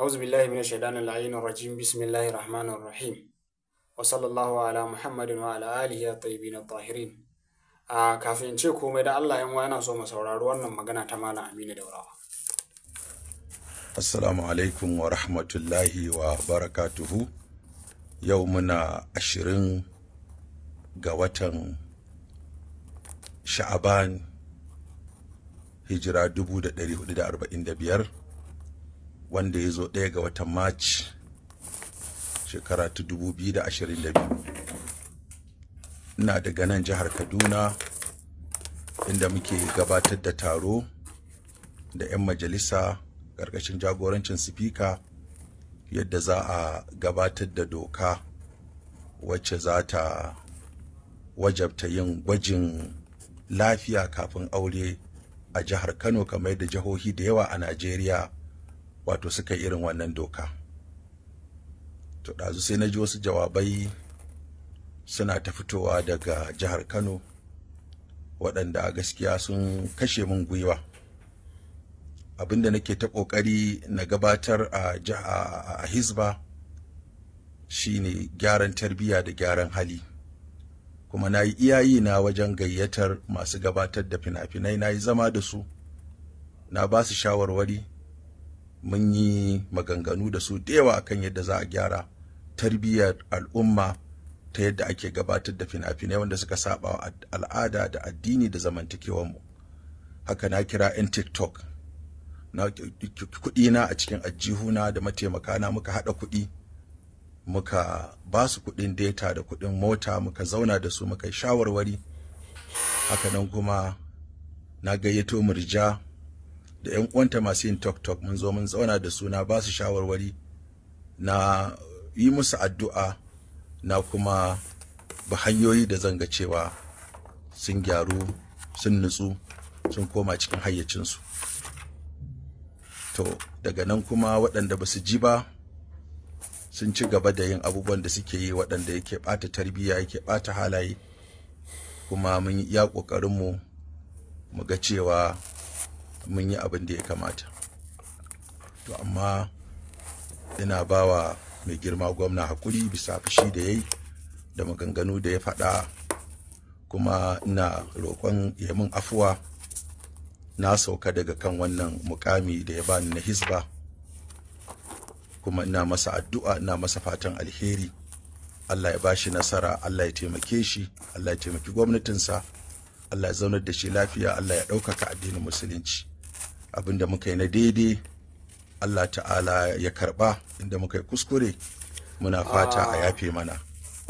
awzi biyla ya yi minisho ɗanun lahayin in rahim wasu allah al'adun muhammed n wani al'adun yana tafiya na tarihin. ha kafin ce komai da allah in wa so mu saurari wannan magana ta ma na amina da wurawa. as-salamualeykum wa rahmatullahi wa barakatuhu yau muna ashirin ga watan sha'aban hijira dubu da dari da arba'in da biyar. wanda ya zo ɗaya ga watan march shekara ta da biyu. ina daga nan jihar kaduna inda muke gabatar da taro da 'yan majalisa ƙarƙashin jagorancin sifika yadda za a gabatar da doka wacce za ta wajabta yin gwajin lafiya kafin aure a jihar kano kamar da jihohi da yawa a najeriya wato suka irin wannan doka to ɗazu sai na ji wasu jawabai suna ta fitowa daga jihar kano waɗanda gaskiya sun kashe min gwiwa abinda nake ta ƙoƙari na gabatar a hizba shine gyaran tarbiyya da gyaran hali kuma na yi iyayi na wajen gayyatar masu gabatar da fina-finai na yi zama da su na ba su shawarwari mun yi maganganu da su da yawa akan yadda za a gyara tarbiyyar al'umma ta yadda ake gabatar da fina-finai wanda suka saba al'ada da addini da zamantakewanmu haka na kira 'yan tiktok na kuɗi na a cikin ajihuna da mataimaka na muka haɗa kuɗi muka ba su kuɗin data da kuɗin mota muka zauna da su muka shawarwari haka nan kuma na gayyato murja da 'yan uwanta masu yin tok-tok mun zo mun zauna da suna, na ba su shawarwari na yi musu addu'a na kuma ba hanyoyi da zanga cewa sun gyaru sun nutsu sun koma cikin hayyacinsu to daga nan kuma waɗanda ba su ji ba sun ci gaba da yin abubuwan da suke yi waɗanda yake ɓata tarbiyya yake ɓata halaye kuma mun yi ƙoƙarinmu mu ga cewa mun yi abin da ya kamata to amma ina bawa mai girma gwamna hakuri bisa fushi da ya da maganganu da ya faɗa kuma ina roƙon ya min afuwa na sauka daga kan wannan mukami da ya bani na hisba kuma ina masa addu'a ina masa fatan alheri Allah ya bashi nasara Allah ya taimake shi Allah ya taimaki gwamnatinsa Allah ya zaunar da shi lafiya Allah ya ɗaukaka addinin musulunci abinda muka yi na daidai allah ta'ala ya karba inda muka yi kuskure muna fata a yafe mana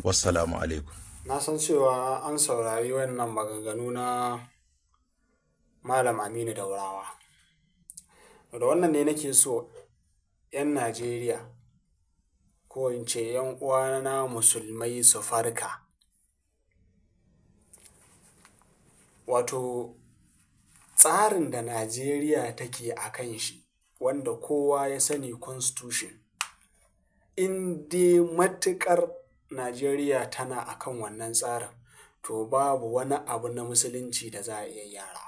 wassalamu alaikum na san cewa an saurari wannan maganganu na malam aminu daurawa da wannan ne nake so 'yan najeriya ko in ce 'yan uwana musulmai su farka wato tsarin da Najeriya take a kan shi wanda kowa ya sani constitution in dai matuƙar Najeriya tana a kan wannan tsarin to babu wani abu na musulunci da za a iya yara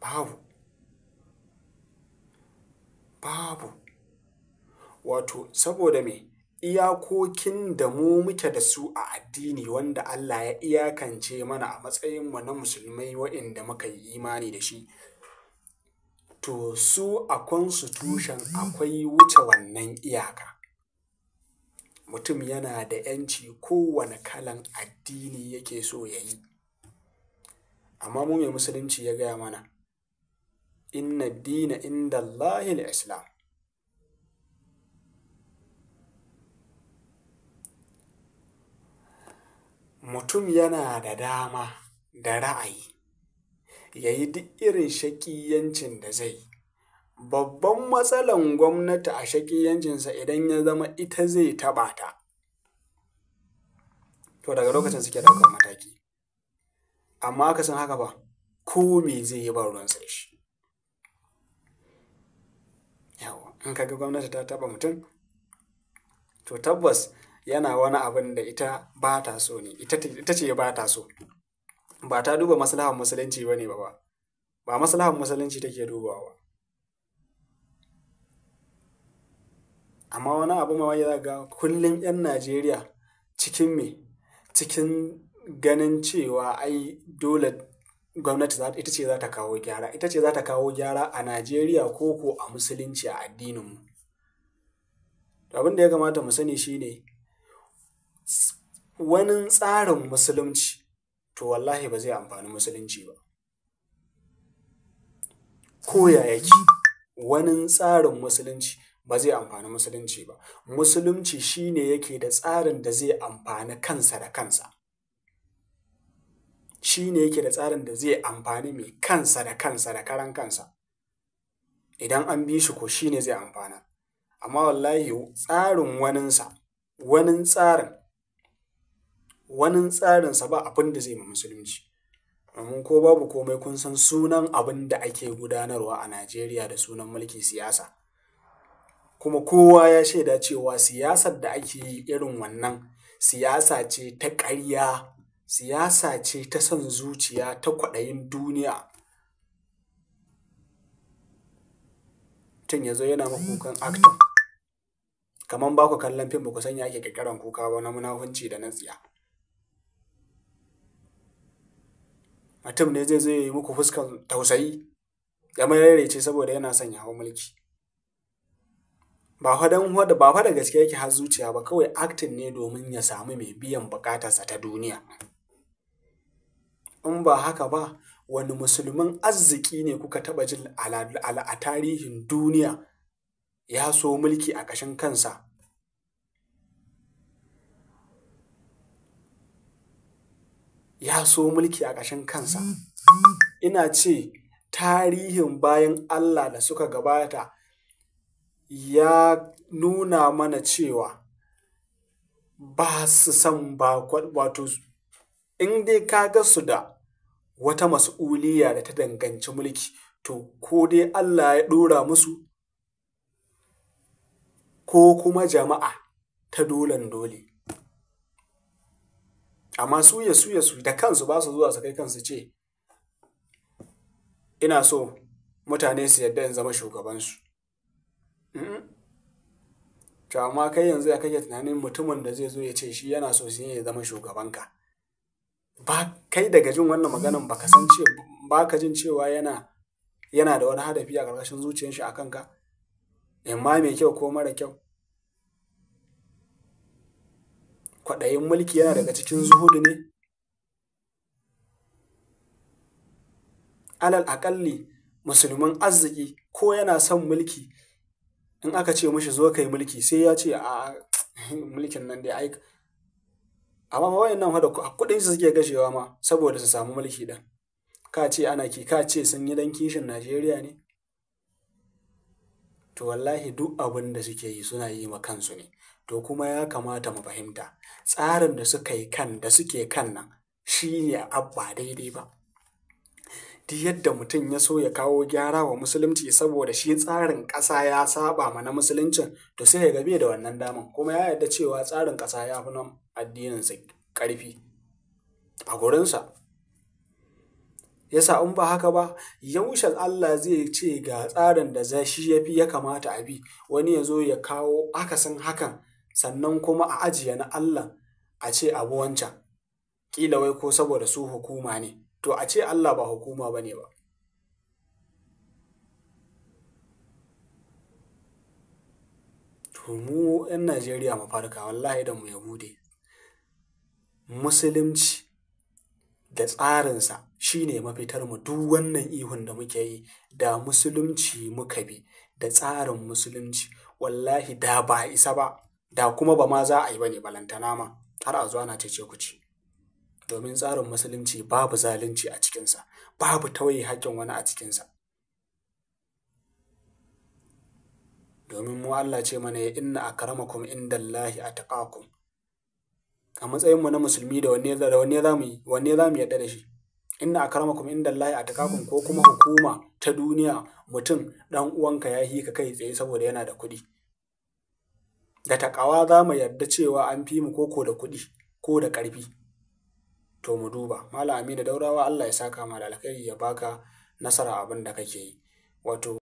babu babu wato saboda me iyakokin da mu muke da su a addini wanda Allah ya iyakance mana a matsayin mu na musulmai waɗanda muka yi imani da shi. To su a constitution akwai wuce wannan iyaka. Mutum yana da ‘yanci kowane kalan addini yake so ya yi. Amma mu mai musulunci ya gaya mana, inna dina inda Allahil Islam. mutum yana da dama da ra'ayi ya yi duk irin shaƙiyancin da zai Babban matsalan gwamnati a shakiyancinsa idan ya zama ita zai taɓa ta. To daga lokacin suke ɗaukar mataki. Amma aka san haka ba, ko me zai yi ba sai shi. Yawa, in ka ga gwamnati ta taɓa mutum, to tabbas yana wani abin da ita ba ta so ne ita ce ba ta so ba ta duba maslahar musulunci ba ne ba ba maslahar musulunci take dubawa amma wani abu ma za ga kullum 'yan najeriya cikin me cikin ganin cewa ai dole gwamnati ita ce za ta kawo gyara ita ce za ta kawo gyara a najeriya ko ko a musulunci a addininmu abin da ya kamata mu sani shine wani tsarin musulunci to wallahi ba zai amfani musulunci ba ko ya yake wani tsarin musulunci ba zai amfani musulunci ba musulunci shine yake da tsarin da zai amfani kansa da kansa Shi ne yake da tsarin da zai amfani mai kansa da kansa da karan kansa idan an bi shi ko ne zai amfana amma wallahi tsarin waninsa wanin tsarin wani tsarinsa ba abin da zai ma musulunci amma ko babu komai kun san sunan abin da ake gudanarwa a najeriya da sunan mulki siyasa kuma kowa ya shaida cewa siyasar da ake yi irin wannan siyasa ce ta ƙarya siyasa ce ta son zuciya ta kwaɗayin duniya tun ya yana makukan acton kamar ba ku kallon fim ba ku sanya ake ƙirƙirar kuka ba na munafunci da na tsiya mutum ne zai zo yi muku fuskan tausayi ya mararece saboda yana son ya mulki ba fadan hoda ba fada gaske yake har zuciya ba kawai aktin ne domin ya samu mai biyan bukatarsa ta duniya in ba haka ba wani musulmin arziki ne kuka taɓa jin a tarihin duniya ya so mulki a ƙashin kansa ya so mulki a ƙashin kansa ina ce tarihin bayan allah da suka gabata ya nuna mana cewa ba su san ba wato in dai ka ga su da wata mas'uliya da ta danganci mulki to ko dai Allah ya ɗora musu ko kuma jama'a ta dolan dole amma su ya su ya su da kansu ba su zuwa su kai kansu ce ina so mutane su yadda in zama shugabansu to amma kai yanzu ya kake tunanin mutumin da zai zo ya ce shi yana so su ya zama shugabanka ba kai daga jin wannan maganan baka san ba ka jin cewa yana yana da wani hadafi a ƙarƙashin zuciyar shi a kanka in ma mai kyau ko mara kyau kwaɗayin mulki yana daga cikin zuhudu ne alal aƙalli musulmin arziki ko yana son mulki in aka ce mashi zo kai mulki sai ya ce a mulkin nan dai aika amma wayan nan hada kuɗin su suke gashewa ma saboda su samu mulki ɗan ka ce ana ki ka ce sun yi dan kishin najeriya ne to wallahi duk abin da suke yi suna yi ma kansu ne to kuma ya kamata mu fahimta tsarin da suka yi kan da suke kan nan shi ne abba daidai ba duk yadda mutum ya so ya kawo gyara wa musulunci saboda shi tsarin ƙasa ya saba ma na musuluncin to sai ya gabe da wannan daman kuma ya yarda cewa tsarin ƙasa ya fi nan addininsa ƙarfi a gurinsa yasa in ba haka ba yaushe Allah zai ce ga tsarin da zai shi ya fi ya kamata a bi wani ya zo ya kawo akasin hakan sannan kuma a ajiye na Allah a ce abu wancan ƙila wai ko saboda su hukuma ne to a ce Allah ba hukuma ba ne ba to mu 'yan Najeriya mafarka, wallahi da mu ya bude musulunci da tsarinsa shi ne mafitar mu duk wannan ihun da muke yi da musulunci muka bi da tsarin musulunci wallahi da ba isa ba da kuma ba ma za a yi ba ne balantana ma har a zuwa na cece ku ci domin tsarin musulunci babu zalunci a cikinsa babu tauye haƙƙin wani a cikinsa domin mu Allah ce mana ya inna akramakum indallahi atqakum a matsayinmu na musulmi da wanne da wanne za mu wanne za mu yadda da shi inna akramakum indallahi atqakum ko kuma hukuma ta duniya mutum dan uwanka ya hika kai tsaye saboda yana da kuɗi da takawa za mu yarda cewa an fi mu koko da kuɗi ko da ƙarfi to mu duba malami da daurawa allah ya saka ma da alkhairi ya baka nasara abin da kake yi wato